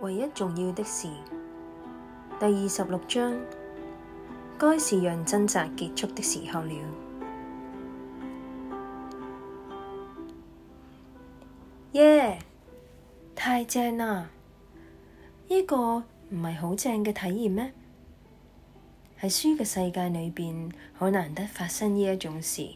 唯一重要的事，第二十六章，該是讓掙扎結束的時候了。耶，太正啦！呢個唔係好正嘅體驗咩？喺書嘅世界裏邊，好難得發生呢一種事。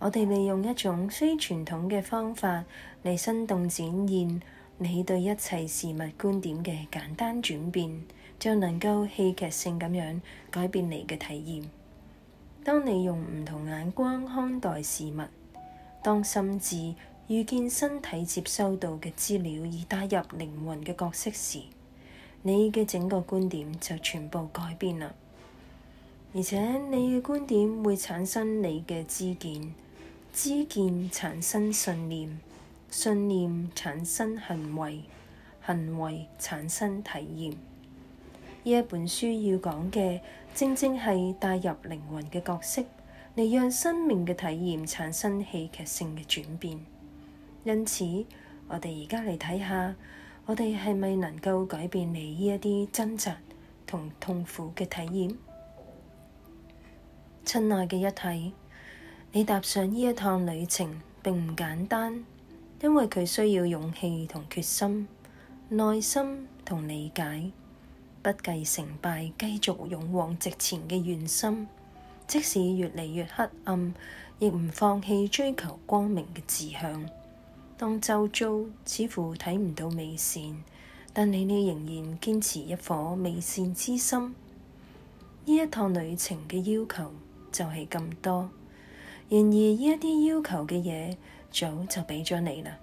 我哋利用一種非傳統嘅方法嚟生動展現。你對一切事物觀點嘅簡單轉變，就能夠戲劇性咁樣改變你嘅體驗。當你用唔同眼光看待事物，當心智遇見身體接收到嘅資料而帶入靈魂嘅角色時，你嘅整個觀點就全部改變啦。而且你嘅觀點會產生你嘅知見，知見產生信念。信念產生行為，行為產生體驗。呢一本書要講嘅，正正係帶入靈魂嘅角色，嚟讓生命嘅體驗產生戲劇性嘅轉變。因此，我哋而家嚟睇下，我哋係咪能夠改變你呢一啲掙扎同痛苦嘅體驗？親愛嘅一體，你踏上呢一趟旅程並唔簡單。因為佢需要勇氣同決心、耐心同理解，不計成敗，繼續勇往直前嘅願心；即使越嚟越黑暗，亦唔放棄追求光明嘅志向。當周遭似乎睇唔到美善，但你哋仍然堅持一顆美善之心。呢一趟旅程嘅要求就係咁多。然而，呢一啲要求嘅嘢早就畀咗你啦，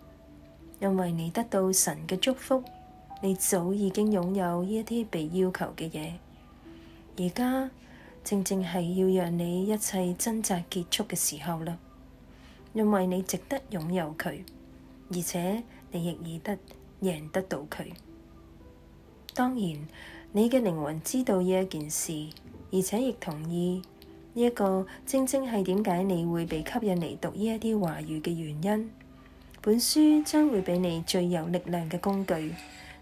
因為你得到神嘅祝福，你早已經擁有呢一啲被要求嘅嘢。而家正正係要讓你一切掙扎結束嘅時候啦，因為你值得擁有佢，而且你亦已得贏得到佢。當然，你嘅靈魂知道呢一件事，而且亦同意。呢一個正正係點解你會被吸引嚟讀呢一啲華語嘅原因。本書將會畀你最有力量嘅工具，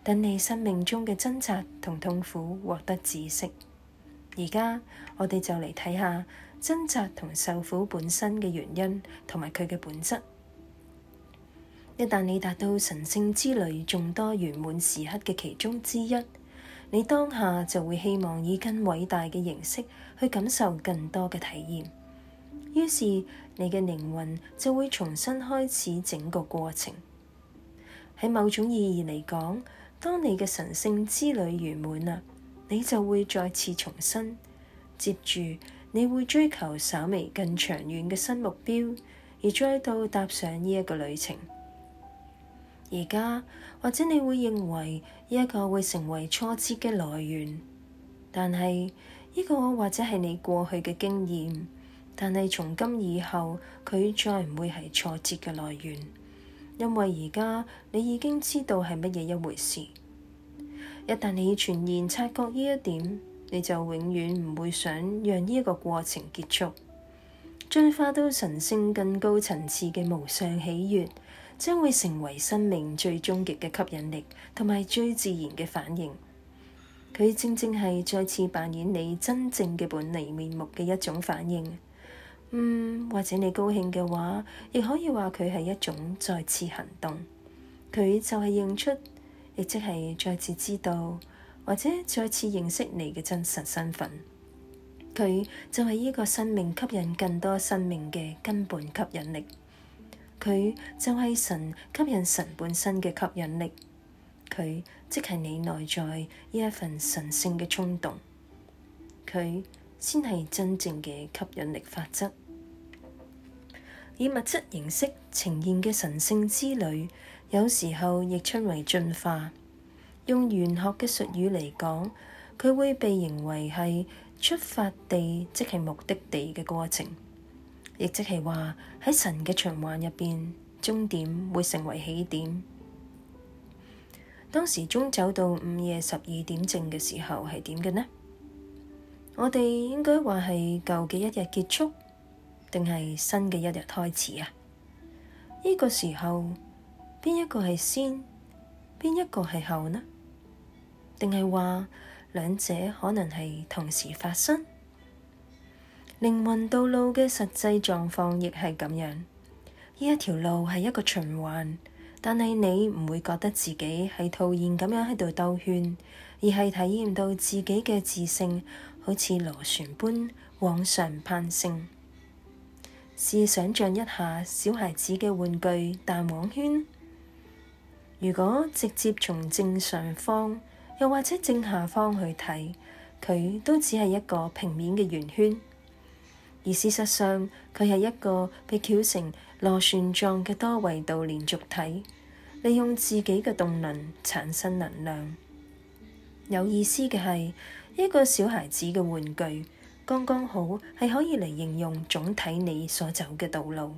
等你生命中嘅掙扎同痛苦獲得知識。而家我哋就嚟睇下，掙扎同受苦本身嘅原因，同埋佢嘅本質。一旦你達到神聖之旅眾多圓滿時刻嘅其中之一，你當下就會希望以更偉大嘅形式去感受更多嘅體驗，於是你嘅靈魂就會重新開始整個過程。喺某種意義嚟講，當你嘅神聖之旅圓滿啦，你就會再次重生。接住你會追求稍微更長遠嘅新目標，而再度踏上呢一個旅程。而家或者你會認為呢一個會成為挫折嘅來源，但係。呢個或者係你過去嘅經驗，但係從今以後佢再唔會係挫折嘅來源，因為而家你已經知道係乜嘢一回事。一旦你全然察覺呢一點，你就永遠唔會想讓呢一個過程結束。進化到神聖更高層次嘅無上喜悅，將會成為生命最終極嘅吸引力，同埋最自然嘅反應。佢正正係再次扮演你真正嘅本嚟面目嘅一種反應，嗯，或者你高興嘅話，亦可以話佢係一種再次行動。佢就係認出，亦即係再次知道，或者再次認識你嘅真實身份。佢就係呢個生命吸引更多生命嘅根本吸引力。佢就係神吸引神本身嘅吸引力。佢。即係你內在呢一份神聖嘅衝動，佢先係真正嘅吸引力法則。以物質形式呈現嘅神聖之旅，有時候亦稱為進化。用玄學嘅術語嚟講，佢會被認為係出發地，即係目的地嘅過程，亦即係話喺神嘅循環入邊，終點會成為起點。當時鐘走到午夜十二點正嘅時候係點嘅呢？我哋應該話係舊嘅一日結束，定係新嘅一日開始啊？呢個時候邊一個係先，邊一個係後呢？定係話兩者可能係同時發生？靈魂道路嘅實際狀況亦係咁樣，呢一條路係一個循環。但係你唔會覺得自己係徒然咁樣喺度兜圈，而係體驗到自己嘅自性好似螺旋般往上攀升。試想像一下小孩子嘅玩具彈簧圈，如果直接從正上方又或者正下方去睇，佢都只係一個平面嘅圓圈。而事實上，佢係一個被翹成螺旋狀嘅多維度連續體，利用自己嘅動能產生能量。有意思嘅係，一個小孩子嘅玩具，剛剛好係可以嚟形容總體你所走嘅道路。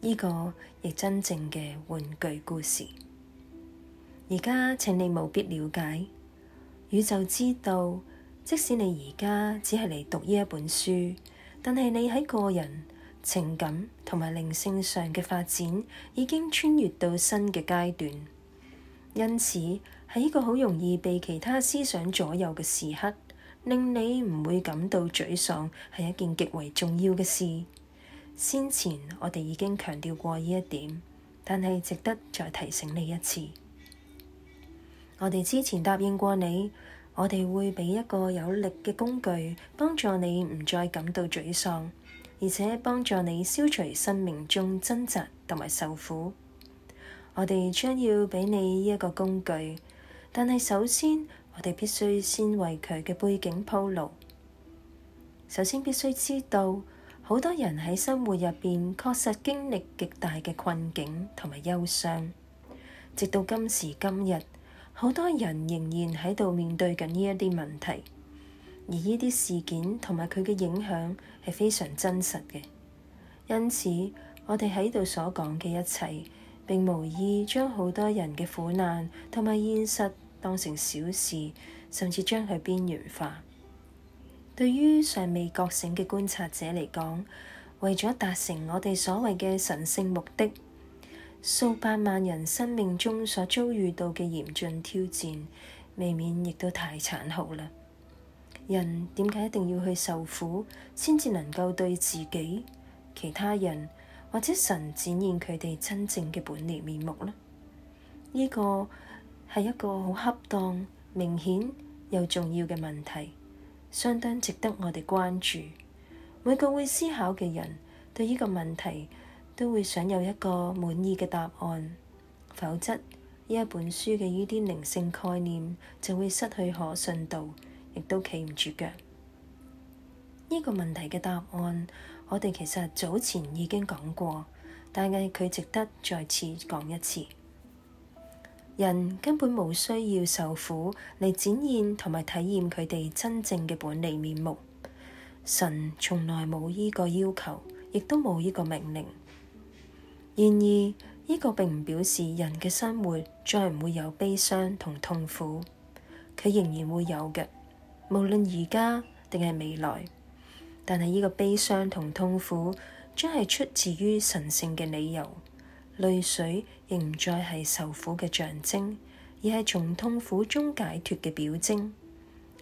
呢、這個亦真正嘅玩具故事。而家，請你務必了解宇宙知道。即使你而家只係嚟讀呢一本書，但係你喺個人。情感同埋靈性上嘅發展已經穿越到新嘅階段，因此喺一個好容易被其他思想左右嘅時刻，令你唔會感到沮喪，係一件極為重要嘅事。先前我哋已經強調過呢一點，但係值得再提醒你一次。我哋之前答應過你，我哋會畀一個有力嘅工具幫助你，唔再感到沮喪。而且幫助你消除生命中掙扎同埋受苦，我哋將要畀你呢一個工具。但係首先，我哋必須先為佢嘅背景鋪路。首先必須知道，好多人喺生活入邊確實經歷極大嘅困境同埋憂傷，直到今時今日，好多人仍然喺度面對緊呢一啲問題。而呢啲事件同埋佢嘅影響係非常真實嘅，因此我哋喺度所講嘅一切，並無意將好多人嘅苦難同埋現實當成小事，甚至將佢邊緣化。對於尚未覺醒嘅觀察者嚟講，為咗達成我哋所謂嘅神聖目的，數百萬人生命中所遭遇到嘅嚴峻挑戰，未免亦都太殘酷啦。人點解一定要去受苦，先至能夠對自己、其他人或者神展現佢哋真正嘅本來面目呢？呢個係一個好恰當、明顯又重要嘅問題，相當值得我哋關注。每個會思考嘅人對呢個問題都會想有一個滿意嘅答案，否則呢一本書嘅呢啲靈性概念就會失去可信度，亦都企唔住腳。呢個問題嘅答案，我哋其實早前已經講過，但係佢值得再次講一次。人根本冇需要受苦嚟，展現同埋體驗佢哋真正嘅本嚟面目。神從來冇呢個要求，亦都冇呢個命令。然而，呢個並唔表示人嘅生活再唔會有悲傷同痛苦，佢仍然會有嘅。無論而家定係未來，但係呢個悲傷同痛苦將係出自於神聖嘅理由。淚水亦唔再係受苦嘅象徵，而係從痛苦中解脫嘅表徵。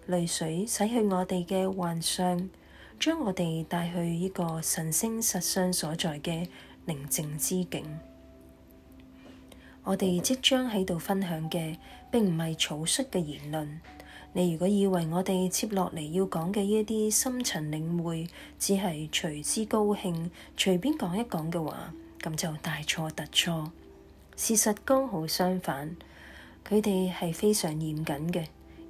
淚水洗去我哋嘅幻想，將我哋帶去呢個神聖實相所在嘅寧靜之境。我哋即將喺度分享嘅，並唔係草率嘅言論。你如果以為我哋接落嚟要講嘅呢一啲深層領會，只係隨之高興、隨便講一講嘅話，咁就大錯特錯。事實剛好相反，佢哋係非常嚴謹嘅，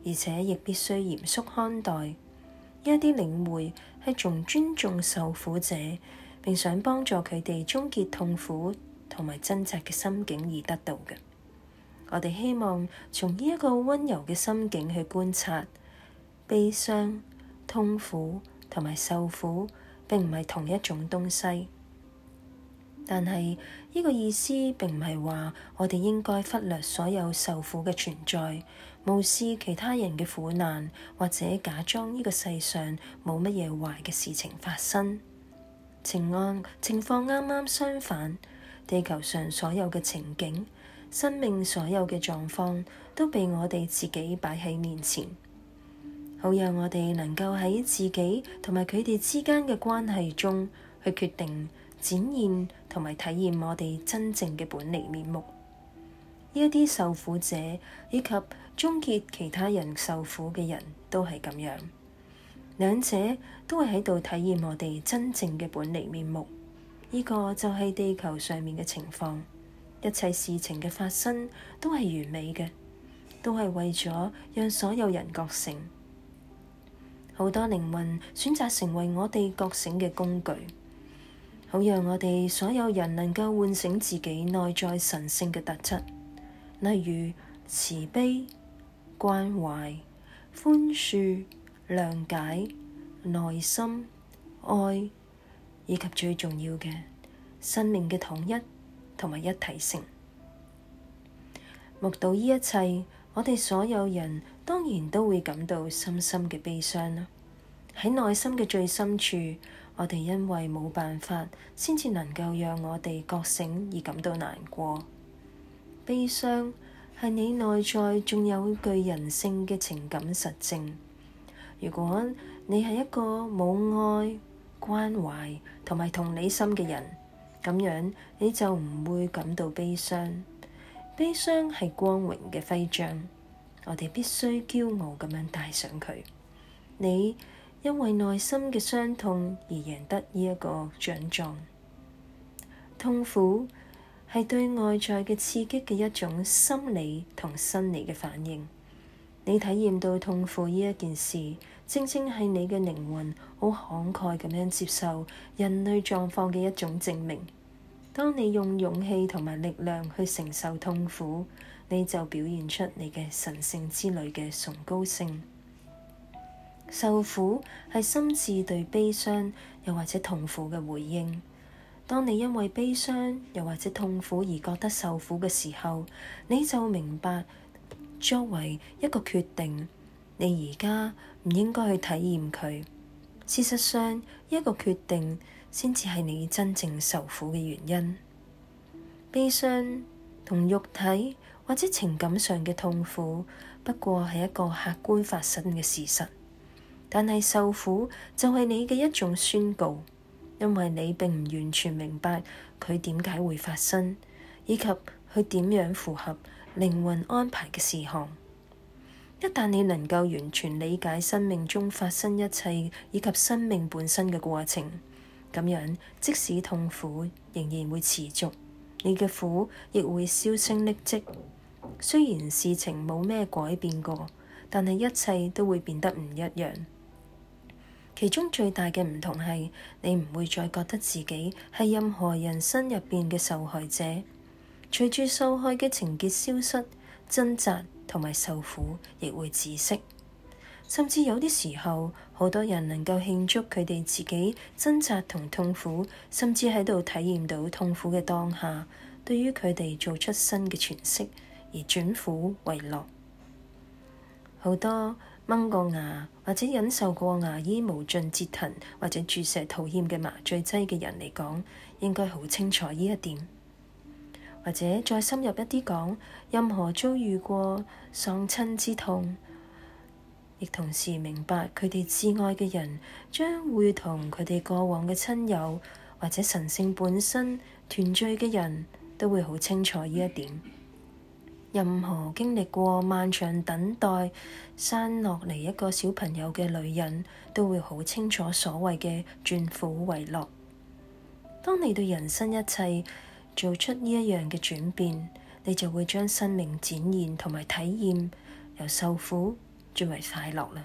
而且亦必須嚴肅看待。呢一啲領會係從尊重受苦者，並想幫助佢哋終結痛苦同埋掙扎嘅心境而得到嘅。我哋希望從呢一個溫柔嘅心境去觀察悲傷、痛苦同埋受苦，並唔係同一種東西。但係呢個意思並唔係話我哋應該忽略所有受苦嘅存在，無視其他人嘅苦難，或者假裝呢個世上冇乜嘢壞嘅事情發生。情況情況啱啱相反，地球上所有嘅情景。生命所有嘅狀況都被我哋自己擺喺面前，好讓我哋能夠喺自己同埋佢哋之間嘅關係中去決定展現同埋體驗我哋真正嘅本來面目。呢一啲受苦者以及終結其他人受苦嘅人都係咁樣，兩者都會喺度體驗我哋真正嘅本來面目。呢、這個就係地球上面嘅情況。一切事情嘅發生都係完美嘅，都係為咗讓所有人覺醒。好多靈魂選擇成為我哋覺醒嘅工具，好讓我哋所有人能夠喚醒自己內在神聖嘅特質，例如慈悲、關懷、寬恕、諒解、耐心、愛，以及最重要嘅生命嘅統一。同埋一體性，目睹呢一切，我哋所有人當然都會感到深深嘅悲傷啦。喺內心嘅最深處，我哋因為冇辦法，先至能夠讓我哋覺醒而感到難過。悲傷係你內在仲有具人性嘅情感實證。如果你係一個冇愛關懷同埋同理心嘅人。咁樣你就唔會感到悲傷。悲傷係光榮嘅徽章，我哋必須驕傲咁樣帶上佢。你因為內心嘅傷痛而贏得呢一個獎狀。痛苦係對外在嘅刺激嘅一種心理同生理嘅反應。你體驗到痛苦呢一件事，正正係你嘅靈魂好慷慨咁樣接受人類狀況嘅一種證明。當你用勇氣同埋力量去承受痛苦，你就表現出你嘅神聖之旅嘅崇高性。受苦係心智對悲傷又或者痛苦嘅回應。當你因為悲傷又或者痛苦而覺得受苦嘅時候，你就明白。作為一個決定，你而家唔應該去體驗佢。事實上，一個決定先至係你真正受苦嘅原因。悲傷、同肉體，或者情感上嘅痛苦，不過係一個客觀發生嘅事實。但係受苦就係你嘅一種宣告，因為你並唔完全明白佢點解會發生，以及佢點樣符合。靈魂安排嘅事項，一旦你能夠完全理解生命中發生一切以及生命本身嘅過程，咁樣即使痛苦仍然會持續，你嘅苦亦會銷聲匿跡。雖然事情冇咩改變過，但係一切都會變得唔一樣。其中最大嘅唔同係，你唔會再覺得自己係任何人生入邊嘅受害者。隨住受害嘅情結消失，掙扎同埋受苦亦會止息。甚至有啲時候，好多人能夠慶祝佢哋自己掙扎同痛苦，甚至喺度體驗到痛苦嘅當下，對於佢哋做出新嘅詮釋，而轉苦為樂。好多掹過牙或者忍受過牙醫無盡折騰或者注射討厭嘅麻醉劑嘅人嚟講，應該好清楚呢一點。或者再深入一啲講，任何遭遇過喪親之痛，亦同時明白佢哋至愛嘅人將會同佢哋過往嘅親友或者神聖本身團聚嘅人，都會好清楚呢一點。任何經歷過漫長等待生落嚟一個小朋友嘅女人，都會好清楚所謂嘅轉苦為樂。當你對人生一切做出呢一樣嘅轉變，你就會將生命展現同埋體驗由受苦轉為快樂啦。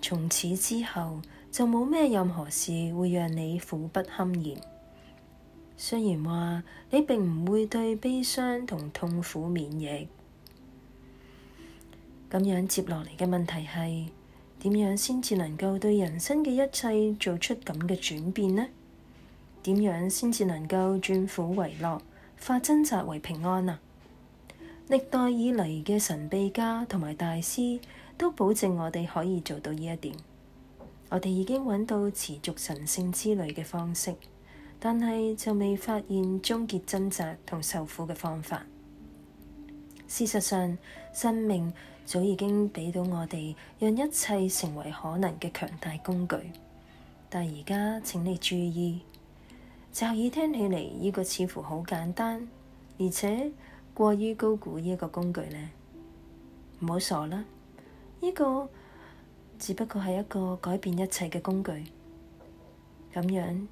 從此之後就冇咩任何事會讓你苦不堪言。雖然話你並唔會對悲傷同痛苦免疫，咁樣接落嚟嘅問題係點樣先至能夠對人生嘅一切做出咁嘅轉變呢？點樣先至能夠轉苦為樂，化掙扎為平安啊？歷代以嚟嘅神秘家同埋大師都保證我哋可以做到呢一點。我哋已經揾到持續神聖之類嘅方式，但係就未發現終結掙扎同受苦嘅方法。事實上，生命早已經畀到我哋讓一切成為可能嘅強大工具。但而家，請你注意。驟耳聽起嚟，呢個似乎好簡單，而且過於高估呢一個工具呢。唔好傻啦，呢個只不過係一個改變一切嘅工具。咁樣，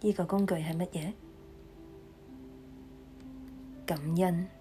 呢個工具係乜嘢？感恩。